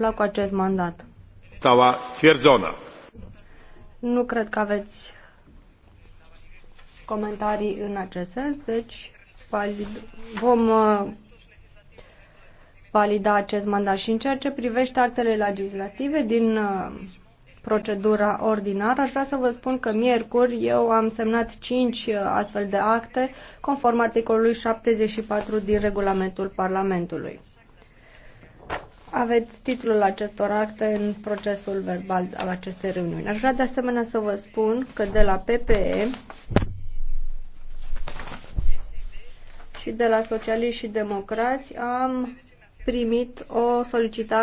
întâmpla cu acest mandat. Stała stwierdzona. Nu cred că aveți comentarii în acest sens, deci valid, vom uh, valida acest mandat. Și în ceea ce privește actele legislative din uh, procedura ordinară, aș vrea să vă spun că miercuri eu am semnat 5 uh, astfel de acte conform articolului 74 din regulamentul Parlamentului. Aveți titlul acestor acte în procesul verbal al acestei reuniuni. Aș vrea de asemenea să vă spun că de la PPE și de la Socialiști și Democrați am primit o solicitare